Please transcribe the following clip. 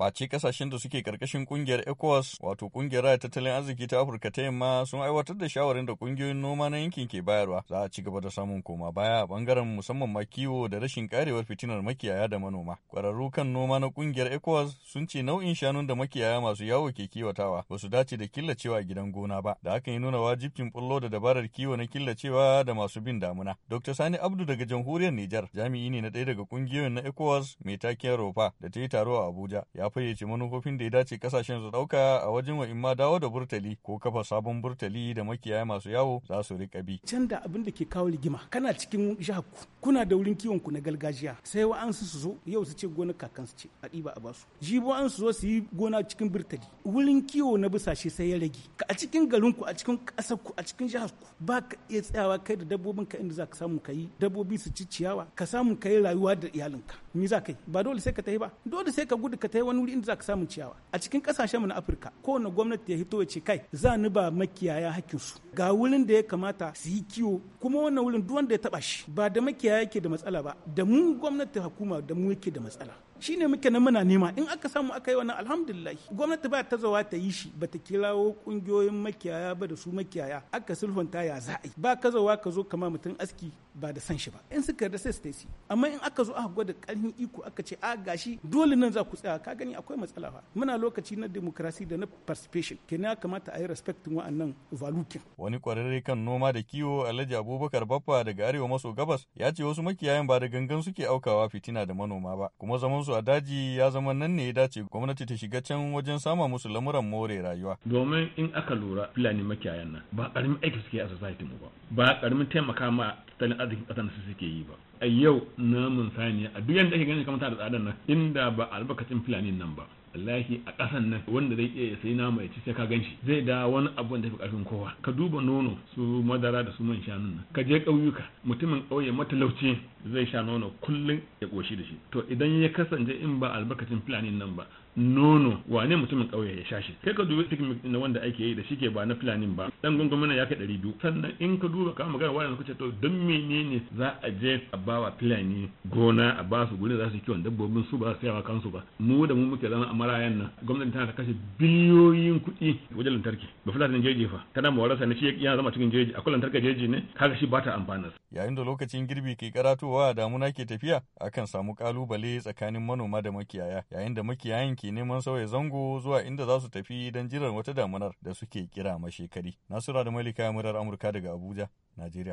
face kasashen da suke karkashin kungiyar ECOWAS wato kungiyar raya tattalin arziki ta Afirka ta yamma sun aiwatar da shawarin da kungiyoyin noma na yankin ke bayarwa za a ci gaba da samun koma baya a bangaren musamman ma kiwo da rashin karewar fitinar makiyaya da manoma. Kwararru kan noma na kungiyar ECOWAS sun ce nau'in shanun da makiyaya masu yawo ke kiwatawa ba su dace da killacewa a gidan gona ba da hakan ya nuna wajibcin bullo da dabarar kiwo na killacewa da masu bin damuna. Dr. Sani Abdu daga jamhuriyar Nijar jami'i ne na ɗaya daga kungiyoyin na ECOWAS mai taken rofa da ta yi taro a Abuja ya ya fayyace manufofin da ya dace kasashen su dauka a wajen wa imma dawo da burtali ko kafa sabon burtali da makiyaya masu yawo za su rika bi can da abin da ke kawo rigima kana cikin shaku kuna da wurin kiwon ku na gargajiya sai an su zo yau su ce gonar su ce a ɗiba a basu jibo an su zo su yi gona cikin burtali wurin kiwo na busashe sai ya rage a cikin garin ku a cikin ƙasar ku a cikin jihar ku ba ka iya tsayawa kai da dabbobin ka inda za ka samu ka yi dabbobi su ci ciyawa ka samu ka yi rayuwa da iyalinka ni za ka yi ba dole sai ka tafi ba dole sai ka gudu ka tafi wani wuri inda za ka samu ciyawa a cikin kasashen mu na afirka kowane gwamnati ya hito ya ce kai za ni ba makiyaya hakkinsu ga wurin da ya kamata su yi kiwo kuma wannan wurin duk wanda ya taba shi ba da makiyaya yake da matsala ba da mu gwamnati hukuma da mu yake da matsala shi ne muke nan muna nema in aka samu aka yi wannan alhamdulillah gwamnati ba ta zawa ta yi shi ba ta kirawo kungiyoyin makiyaya ba da su makiyaya aka sulhunta ya za yi ba ka zawa ka zo kama mutum aski ba da san shi ba in suka da sai su amma in aka zo aka gwada karfin iko aka ce a gashi dole nan za ku tsaya ka gani akwai matsala fa muna lokaci na democracy da na participation kenan ya kamata a yi respectin wa'annan valukin wani kwararre kan noma da kiwo Alhaji Abubakar Baffa daga arewa maso gabas ya ce wasu makiyayan ba da gangan suke aukawa fitina da manoma ba kuma zaman su su a daji ya zama nan ne ya dace gwamnati ta shiga can wajen sama musu lamuran more rayuwa. Domin in aka lura Fulani makiyayan nan ba karamin aiki suke a society mu ba. Ba karamin taimaka ma tattalin arzikin ƙasar su suke yi ba. A yau na mun sani a duk yadda ake ganin kamata ta da tsadar nan inda ba albarkacin Fulani nan ba wallahi a ƙasan nan wanda zai iya sai nama ya ci sai ka ganshi zai da wani abu da fi ƙarfin kowa ka duba nono su madara da su man shanun nan ka je ƙauyuka mutumin ƙauye matalauci zai sha nono kullum ya ƙoshi da shi to idan ya kasance in ba albarkacin fulani nan ba nono wane mutumin kauye ya shashi kai ka dubi tikin na wanda ake yi da shi ke ba na planning ba dan gungumin ya kai ɗari biyu sannan in ka duba ka magana wannan kuce to don menene za a je a bawa filani gona a ba su gurin za su kiwon dabbobin su ba su yawa kansu ba mu da mu muke zama a marayan nan gwamnati tana kashe biliyoyin kuɗi wajen lantarki ba filatin jeje fa kana warasa ne shi yana zama cikin jeji akwai lantarki jeji ne kaga shi bata amfana yayin da lokacin girbi ke karatowa damuna ke tafiya akan samu kalubale tsakanin manoma da makiyaya yayin da makiyayan ke neman sauya zango zuwa inda za su tafi don jiran wata damunar da suke kira mashekari. Nasura da Malika murar Amurka daga Abuja, Najeriya.